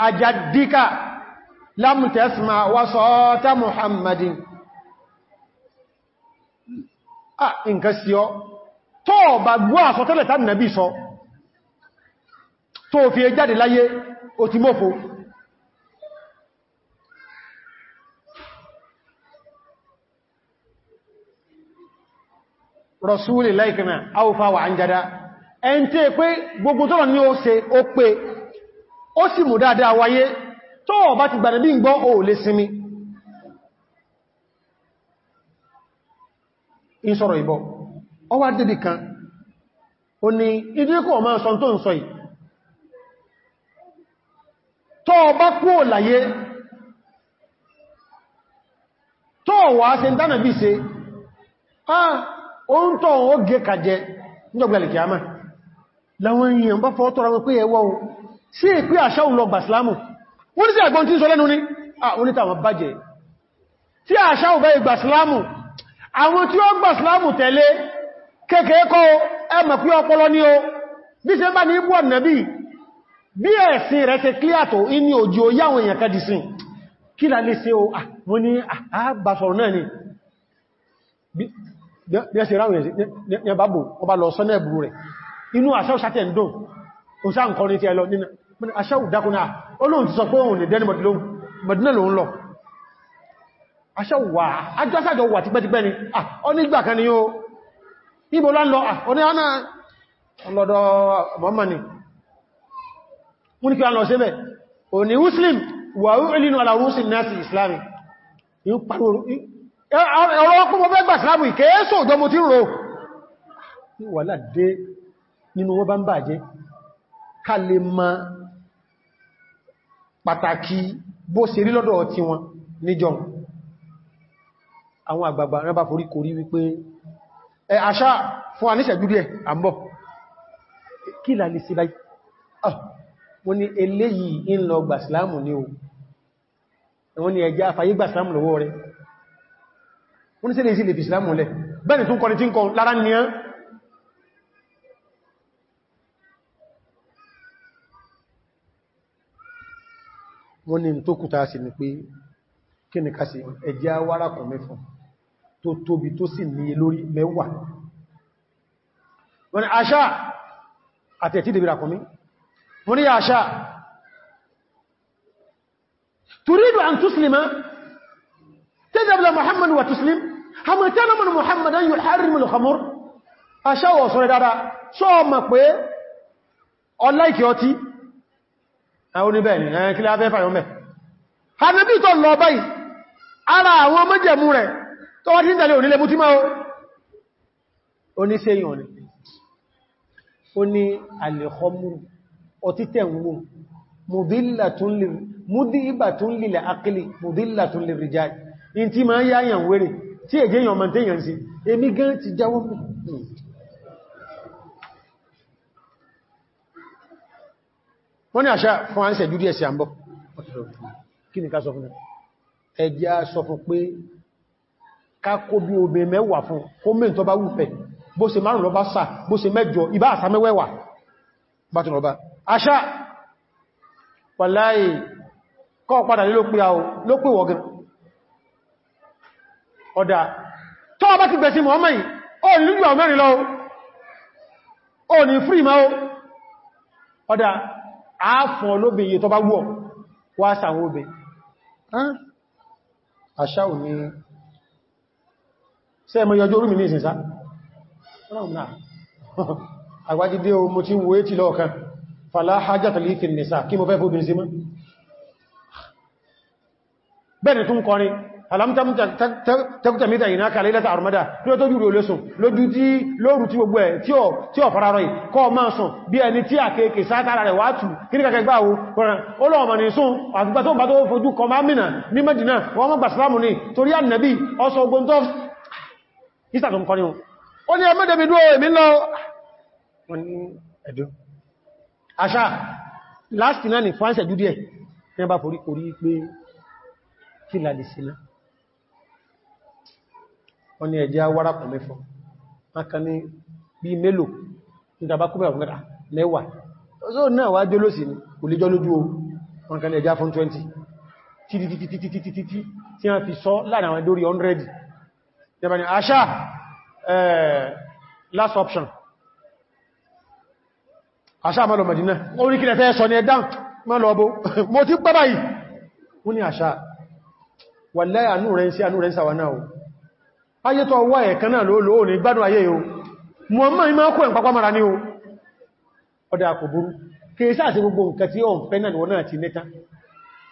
ajaddika lam tasma wasata muhammadin a nǹkan sí ọ tó bá gbọ́ àsọtẹ́lẹ̀ tàbí nàbí sọ tó fi jáde láyé ó ti mọ́fò rọ̀súlì láìkìmẹ̀ áwùfà wà ń jada ẹn tí pé gbogbo tó wà ní ó ṣe ó pé ó sì mú dáadáa wáyé tó bá ti gbàdẹ̀ bí gbọ́ o lè sinmi in sọ̀rọ̀ ìbọ̀ ọ wá dédì kan o ni ìdíkò ọmọ sọ tó ń sọ yìí tó bá kú ò láyé tó wà á se ń dánà bí se ah oun tó ń ó gé kàjẹ níjọ̀gbẹ̀lẹ̀ kìí láwọn èèyàn bá fọ́ tọ́ra wọn pé ẹwọ́ sí èpí àṣà òun lọ gbàsìlámù wọ́n ní sí àgbọn tí ń sọ lẹ́nu ní onítàwọn bàjẹ́ tí àṣà òun bẹ́ gbàsìlámù àwọn tí ó gbàsìlámù tẹ̀lé kéèkéé kọ́ ẹmọ̀ pí ọpọlọ ní o bí ṣe bá ní ibú ọ̀nàbí bí ẹ̀sìn rẹ̀ ṣe kíyàtò inú òjò yáwọn èèyàn kẹ́dì sí o wọ́n ní àbàsọ̀rọ̀ náà ni bí ẹ ṣe ráwẹ̀ ní ẹbábò ọba lọ sọ́nà ẹ̀bù rẹ̀ inú àṣà òṣàtẹ̀ ń dùn kò sáà nǹkan ní ti ẹlọ nínú aṣáwù dákúnná olóhun ti sọ pé òun lè dẹ́ni mọ̀dínà lòun lọ aṣáwù wà ajọ́sájọ wà tipẹ́tipẹ́ ni onígbà ah, kan ni yóò níbo lọ́nà oní ah, àná ọlọ́dọ̀ mọ́mọ́ ni wọ́n ni kí wọ́n lọ sí ẹbẹ̀ òní muslim wà orílẹ̀-èdè aláwọ̀sí náàsì islami ọ̀rọ̀ ọkùnmọ́ fẹ́ gbà islamu ìkẹ́ẹ́sọ̀ ọ̀dọ́mọ́ tí ń ro wà láàdé nínú wọ́n bá ń bàjẹ́ ká lè mọ pàtàkì bó ṣe rí lọ́dọ̀ tí wọn níjọ àwọn àgbàgbà rán bá forí korí wípé ẹ àṣà fún wa níṣẹ̀jú díẹ̀ àmbọ̀ kí là lè sí báyìí ah, wọ́n ni eléyìí in lọ gbàsìlámù ní o wọ́n ni ẹjá àfàyí gbàsìlámù lọ́wọ́ rẹ̀ wọ́n ni sí lè sí lè fi ìsìlámù lẹ̀ bẹ́ẹ̀ ni tún kọni tí ń kọ lára ní wọ́n ní tó kúta sí ni pé kí ni ká sí ẹjẹ́ awára kan mẹ́fún tó tóbi tó sì ní lórí mẹ́wàá wọ́n ní àṣà àtẹ̀tí dèbìrà kùnmí wọ́n ní àṣà turidu an tuslima tẹ́zẹ̀bìlà muhammadu wa tuslim hamatana mọ̀ muhammadan yóò harin mọ̀ lọ́kàmọ́r àṣà wọ̀ sọ́rẹ̀ dára sọ́ọ̀mà pé àwọn oníbẹ̀ ni ẹ̀yẹn kí láfẹ́ fàyọ́ mẹ́ hanabi tó lọ báyìí ara àwọn mọ́jẹ̀mú rẹ̀ tó wá tí ń tẹ̀lé onílẹ̀ mútímá o ní ṣe yàn ni ó ní alẹ́kọ́mùrù ọtí tẹ̀wọ́ mudhibatun lil aqli mudillatun lil rijal in ti ma yáyàn wèrè tí èjèyàn mọ̀ tẹ́yàn wọ́n ní àṣà fún àṣẹ ìjú díẹ̀ sí àmbọ̀ kí ni ká sọ fún ẹjẹ́ sọ fún pé ká kó bí obè mẹ́wàá fún kó mẹ́ tó bá wùfẹ́ bó ṣe márùn lọ bá sà bó ṣe mẹ́jọ ibá àṣà mẹ́wẹ́wà bátún lọ bá àṣà wàláì kọ́ padà lé ló pè wọ́gan ọ̀dà tó bá ti áàfún olóbi iye tó bá wọ́ wá sàwọn obè àṣà ò ní ṣe ẹmọ yọjú orúmi ní ìsinsá àgbájídé o mo ti wo é ti lọ́ọ̀kan fàlá hajjátàlì ìfìnnìsá kí mo fẹ́ fóbin sí mọ́ bẹ́ẹ̀ tún kọrin alamtam takuta mita ina ka lailata armada lo to juro lesun lójú tí lóru tí gbogbo ẹ̀ tí ó tí ó fararo yìí kò ma sùn bí ẹni tí akeke satara rẹ̀ watu kini ka gba wo o lo ma ni sun agba tó bá tó fojú ko ma mina ní Medina wọ́n ma gba islam ni torí annabi ó sọ gbo nto isa tó ko ni o ni e ma de mi duo mi lọ wọ́n edo àṣà last na ni france judi e ni ba forí orí pé kí la lè ṣe náà wọ́n ní ẹjẹ́ awárakùn mẹ́fọ́ makan ní bí mélòó ìdàbákúbẹ̀ ọ̀gbẹ̀rà mẹ́wàá ọzọ́ náà wá jẹ́ lóṣì ní olíjọ́ lójú wọn kan ẹjá fún 20 títítítítítítítí tí wọ́n fi sọ láàrin àwọn dórí 100 yẹba ni àṣà last option àṣà mọ́lọ Mẹ́dínà orí kílẹ̀ fẹ́ sọ ní ẹ̀dán mọ́lọ ọbọ̀ mo ti pẹ́ báyìí wọ́n ni àṣà wà láyé àánú rẹ̀ ń sí àánú rẹ̀ ń sàwà náà ayé tó wá ẹ̀kan náà ló lóò ní gbádùn ayé o mọ́mọ́ ìmá kó ẹ̀ pápámara ní o ọ̀dá kò burú kèèsà àti gbogbo nǹkan tí ó ń fẹ́ náà wọ́n ti nẹ́ta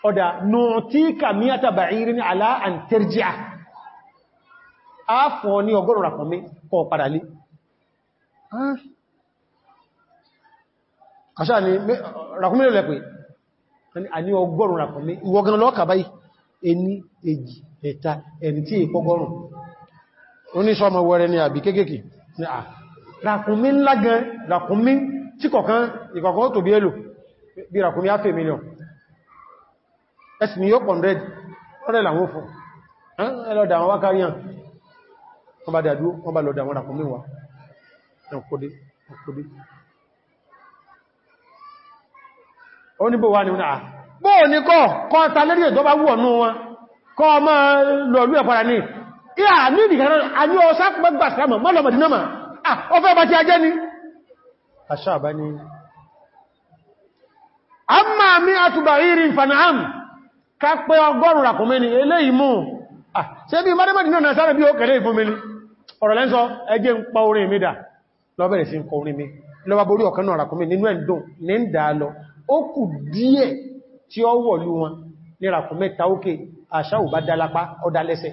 ọ̀dá nù tí kàmíyàtà bàírí ní àlá àntẹ́rjíà á fún ọ ní ọgọ́rùn ràpọ̀mí kọ padà lé àṣà ni ràkúnmí lè pè àní ọgọ́rùn ràpọ̀mí ìwọ̀gan lọ́ọ̀kà báyìí ẹni èjì ẹ̀ta ẹni oníṣọ́mọ̀ wẹ̀rẹ̀ ni àbí kéékèèké ní à ah, ràkúnmí ńlá gan ràkúnmí tí kọ̀kan ìkọ̀kan tó bí èlò bí ràkúnmí áfẹ́ mílíọ̀n ẹ̀sìn yóò pọ̀ rẹ̀ rẹ̀ làwọn fún ẹlọ́dà àwọn wákàríyàn wọ́n bá dàdú wa oníbò wá ní ọ̀nà bóò ní ah, kọ́ kọ́ ta lérí ẹ̀dọ́ bá wù ọ̀nú ìhà ní ìdìkàrán àní ọsá gbogbo àsìlámà mọ́lọ̀mọ̀dínàmà ọfẹ́ bá ti ajẹ́ ni aṣáàbá ni a máa a àtùbà rírí fanaham ká pé ọgọ́rùn ràkùnmẹ́ ni eléyìí mú ṣe bí mọ́lọ̀mọ̀dínà sára bí ó kẹ̀lé ìfúnmẹ́ni ọ̀rọ̀ lẹ́nsọ ẹjẹ́ ń pa orin mi dà lọ́bẹ̀rẹ̀ sí ń kọ orin mi lọ́wọ́ borí ọ̀kan náà ràkùnmẹ́ nínú ẹ̀dùn ní ń dà lọ ó kù díẹ̀ tí ó wọ̀lú wọn ní ràkùnmẹ́ taókè àṣà ò bá dálápá ọdá lẹ́sẹ̀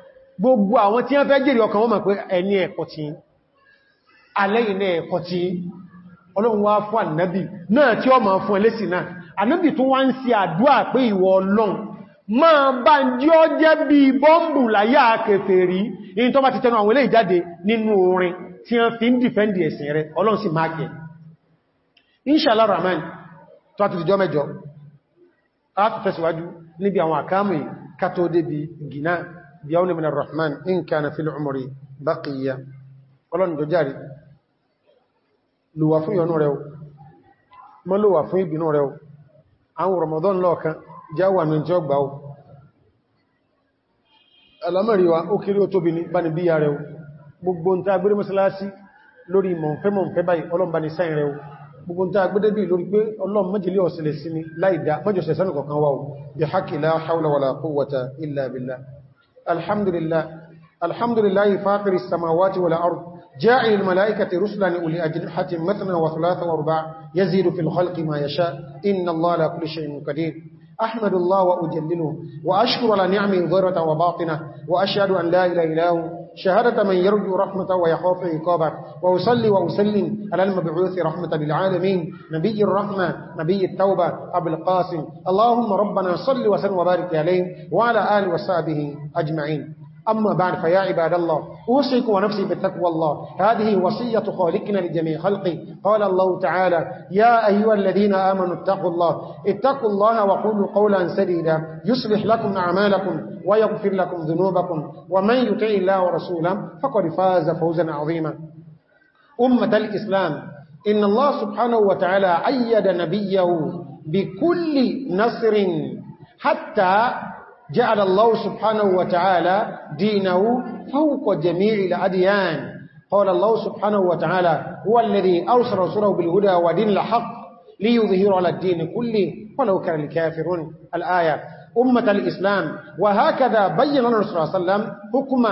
gbogbo àwọn tí wọ́n fẹ́ jèrè ọkàn wọ́n mọ̀ pé ẹni ẹ̀kọ́ tí alẹ́yìn náà ẹ̀kọ́ tí ọlọ́run wá fún ànábì náà tí ó máa fún ẹlẹ́sìn náà ànábì tó wá ń ṣe àdúà pé ìwọ ọlọ́run máa bá ń jí ọ jẹ́ bí bọ́m̀bù láyá kèfèrí in tó bá a tó fẹ́síwájú níbi àwọn àkámù ká tó débi بيول من الرحمن إن كان في العمر بقية ọlọ́run jọ járe lùwà fún ìyọnú rẹ̀ o mọ́ lùwà fún ìbínú rẹ̀ o àwọn Ramadan lọ́ọ̀kan jáwà ní jọ gbà o alamọ́ríwa ó kéré ó báyìí ọlọ́mbà ní sáìn rẹ̀ o gbogbo ntá agbéré bí lórí pé ọlọ́m mẹ́jìlé ọ̀sẹ̀lẹ̀ sí ni láìdá mẹ́jọ̀sẹ̀ sánù kọ̀kan bí hákìlá haúlawàlá quwwata illa billah الحمد لله الحمد لله فاقر السماوات والأرض جاعل الملائكة رسلا أولي أجنحة مثنى وثلاث وارباع يزيد في الخلق ما يشاء إن الله لا كل شيء قدير أحمد الله وأجلله وأشكر على نعمه ظهرة وباطنة وأشهد أن لا إله إلا هو شهادة من يرجو رحمة ويخاف عقابك وأصلي وأسلم على المبعوث رحمة للعالمين نبي الرحمة نبي التوبة أبو القاسم اللهم ربنا صل وسلم وبارك عليه وعلى آل وصحبه أجمعين أما بعد فيا عباد الله أوصيك ونفسي بتقوى الله هذه وصية خالقنا لجميع خلقه قال الله تعالى يا أيها الذين آمنوا اتقوا الله اتقوا الله وقولوا قولا سديدا يصلح لكم أعمالكم ويغفر لكم ذنوبكم ومن يطع الله ورسوله فقد فاز فوزا عظيما أمة الإسلام إن الله سبحانه وتعالى أيد نبيه بكل نصر حتى جعل الله سبحانه وتعالى دينه فوق جميع الأديان قال الله سبحانه وتعالى هو الذي أرسل رسوله بالهدى ودين الحق ليظهر على الدين كله ولو كان الكافرون الآية أمة الإسلام وهكذا بين الله صلى الله عليه وسلم حكم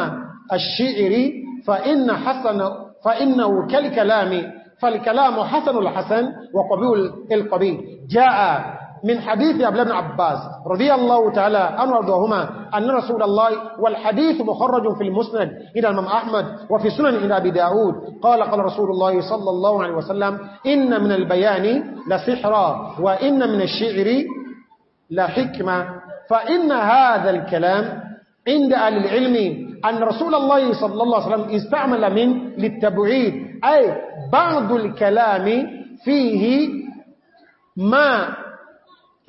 الشعر فإن حسن فإنه كالكلام فالكلام حسن الحسن وقبيل القبيل جاء من حديث عبد الله عباس رضي الله تعالى عنه وارضاهما أن رسول الله والحديث مخرج في المسند إلى الإمام أحمد وفي سنن إلى أبي داود قال قال رسول الله صلى الله عليه وسلم إن من البيان لسحرا وإن من الشعر لحكمة فإن هذا الكلام عند أهل العلم أن رسول الله صلى الله عليه وسلم استعمل من للتبعيد أي بعض الكلام فيه ما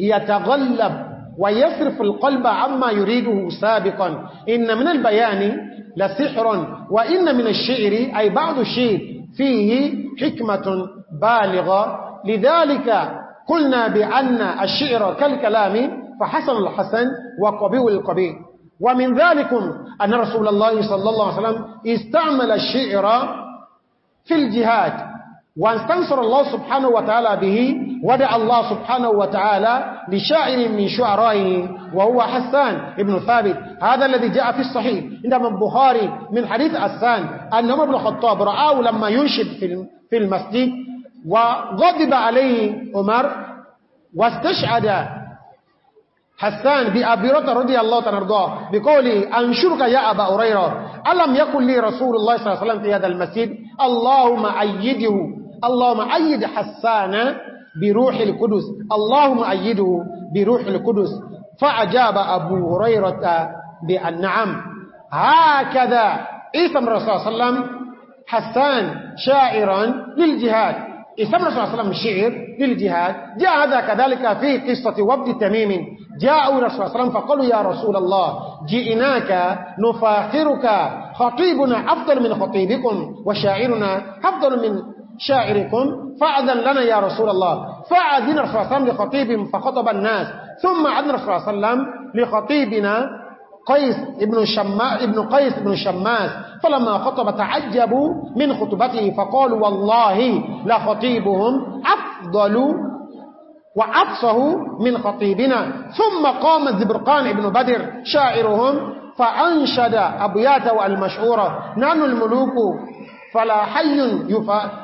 يتغلب ويصرف القلب عما يريده سابقا إن من البيان لسحرا وإن من الشعر أي بعض الشعر فيه حكمة بالغة لذلك قلنا بأن الشعر كالكلام فحسن الحسن وقبيه القبيه ومن ذلك أن رسول الله صلى الله عليه وسلم استعمل الشعر في الجهاد واستنصر الله سبحانه وتعالى به ودع الله سبحانه وتعالى لشاعر من شعرائه وهو حسان ابن ثابت هذا الذي جاء في الصحيح عندما البخاري من حديث حسان أن عمر بن الخطاب رآه لما ينشد في المسجد وغضب عليه عمر واستشهد حسان بأبيرة رضي الله تنرضاه بقوله أنشرك يا أبا هريره ألم يكن لي رسول الله صلى الله عليه وسلم في هذا المسجد اللهم أيده اللهم أيد حسان بروح القدس اللهم أيده بروح القدس فأجاب أبو هريرة بأن نعم هكذا الله صلى الله عليه وسلم حسان شاعرا للجهاد الله صلى الله عليه وسلم شعر للجهاد جاء هذا كذلك في قصة وفد تميم جاءوا الرسول صلى الله عليه وسلم فقالوا يا رسول الله جئناك نفاخرك خطيبنا أفضل من خطيبكم وشاعرنا أفضل من شاعركم فأذن لنا يا رسول الله فأذن رسول الله لخطيب فخطب الناس ثم أذن رسول الله وسلم لخطيبنا قيس ابن, شما... ابن قيس بن شماس فلما خطب تعجبوا من خطبته فقالوا والله لخطيبهم أفضل وأفصه من خطيبنا ثم قام الزبرقان ابن بدر شاعرهم فأنشد أبياته المشهورة نحن الملوك فلا حي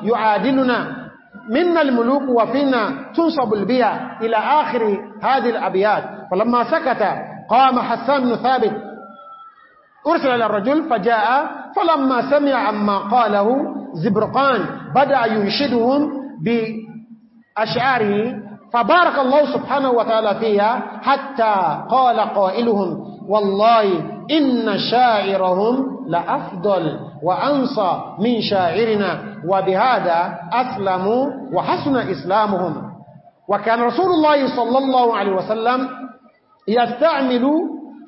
يعادلنا منا الملوك وفينا تنصب البيع إلى آخر هذه الأبيات فلما سكت قام حسان بن ثابت أرسل إلى الرجل فجاء فلما سمع عما قاله زبرقان بدأ ينشدهم بأشعاره فبارك الله سبحانه وتعالى فيها حتى قال قائلهم والله إن شاعرهم لأفضل وأنصى من شاعرنا وبهذا أسلموا وحسن إسلامهم وكان رسول الله صلى الله عليه وسلم يستعمل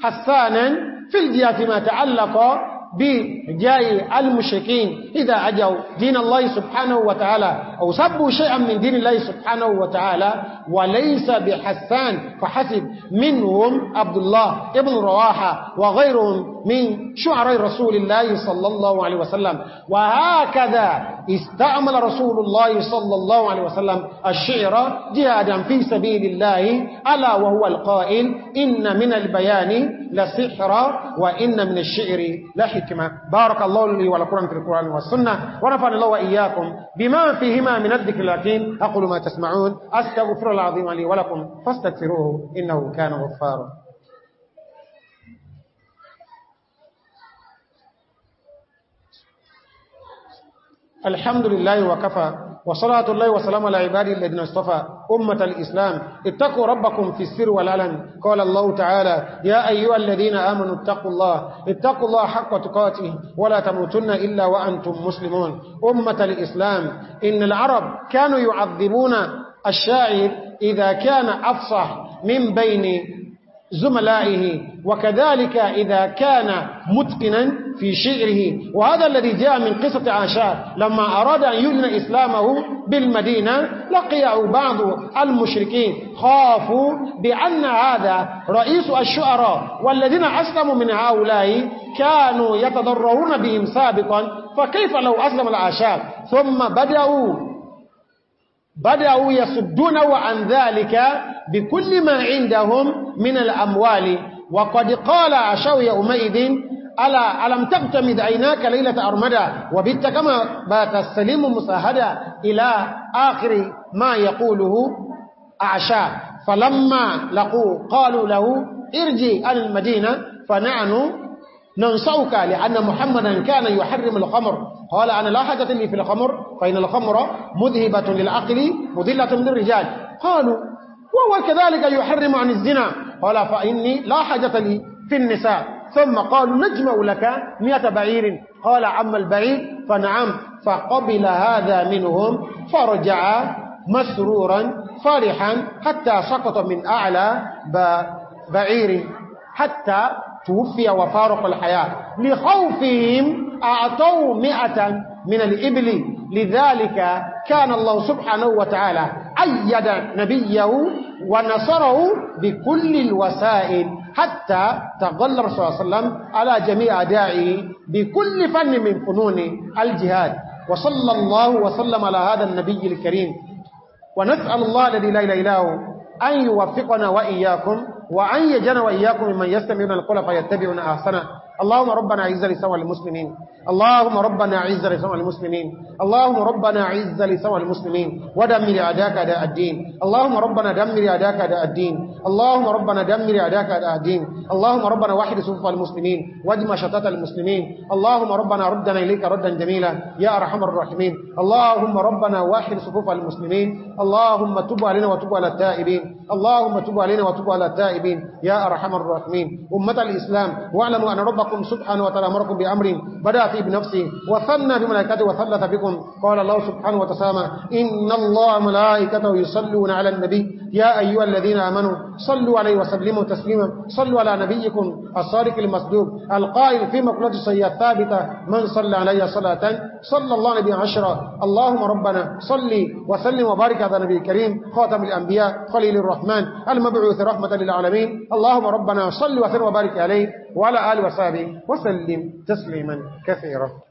حسانا في الجهة ما تعلق بجاي المشركين إذا عجوا دين الله سبحانه وتعالى أو سبوا شيئا من دين الله سبحانه وتعالى وليس بحسان فحسب منهم عبد الله ابن رواحة وغيرهم من شعراء رسول الله صلى الله عليه وسلم وهكذا استعمل رسول الله صلى الله عليه وسلم الشعر جهادا في سبيل الله ألا وهو القائل إن من البيان لسحر وإن من الشعر لحسن الحكمة بارك الله لي ولكم في القرآن والسنة ونفعني الله وإياكم بما فيهما من الذكر الأكيم أقول ما تسمعون أستغفر العظيم لي ولكم فاستكفروه إنه كان غفارا الحمد لله وكفى وصلاة الله وسلام على عباده الذين اصطفى أمة الإسلام اتقوا ربكم في السر والعلن قال الله تعالى يا أيها الذين آمنوا اتقوا الله اتقوا الله حق تقاته ولا تموتن إلا وأنتم مسلمون أمة الإسلام إن العرب كانوا يعذبون الشاعر إذا كان أفصح من بين زملائه وكذلك إذا كان متقنا في شعره وهذا الذي جاء من قصة عاشار لما أراد أن يؤذن إسلامه بالمدينة لقيه بعض المشركين خافوا بأن هذا رئيس الشعراء والذين أسلموا من هؤلاء كانوا يتضررون بهم سابقا فكيف لو أسلم العاشار ثم بدأوا بدأوا يصدونه عن ذلك بكل ما عندهم من الأموال وقد قال عشاو يومئذ ألا ألم تغتمد عيناك ليلة أرمدا وبت كما بات السليم مساهدا إلى آخر ما يقوله أعشاء فلما لقوا قالوا له ارجي عن المدينة فنعنوا ننصوك لأن محمدا كان يحرم الخمر قال أنا لا حاجة لي في الخمر فإن الخمر مذهبة للعقل مذلة للرجال قالوا وهو كذلك يحرم عن الزنا قال فإني لا حاجة لي في النساء ثم قالوا نجمع لك مئة بعير قال عم البعير فنعم فقبل هذا منهم فرجع مسرورا فرحا حتى سقط من أعلى بعير حتى توفي وفارق الحياة لخوفهم أعطوا مئة من الإبل لذلك كان الله سبحانه وتعالى أيد نبيه ونصره بكل الوسائل حتى تظل الرسول صلى الله عليه وسلم على جميع داعي بكل فن من فنون الجهاد وصلى الله وسلم على هذا النبي الكريم ونسأل الله الذي لا إله إلا هو أن يوفقنا وإياكم وأن يجنا وإياكم ممن يستمعون القول فيتبعون أحسنه اللهم ربنا عز لسوى المسلمين اللهم ربنا عز لسوى المسلمين اللهم ربنا عز لسوى المسلمين ودمر أداك أداء الدين اللهم ربنا دمر أداك أداء الدين اللهم ربنا دمر أداك أداء الدين اللهم ربنا وحد صفوف المسلمين واجمع شتات المسلمين اللهم ربنا ردنا إليك ردا جميلا يا أرحم الراحمين اللهم ربنا وحد صفوف المسلمين اللهم تب علينا وتب على التائبين اللهم تب علينا وتب على التائبين يا أرحم الراحمين أمة الإسلام واعلموا أن ربكم ربكم سبحانه وتعالى أمركم بأمر بدأت بنفسه وثنى بملائكته وثلث بكم قال الله سبحانه وتسامى إن الله ملائكته يصلون على النبي يا أيها الذين آمنوا صلوا عليه وسلموا تسليما صلوا على نبيكم الصادق المصدوق القائل في مقلة صيئة الثابتة من صلى علي صلاة صلى الله نبي عشرة اللهم ربنا صلي وسلم وبارك على نبي الكريم خاتم الأنبياء خليل الرحمن المبعوث رحمة للعالمين اللهم ربنا صل وسلم وبارك عليه وعلى آل وصحبه وسلم تسليما كثيرا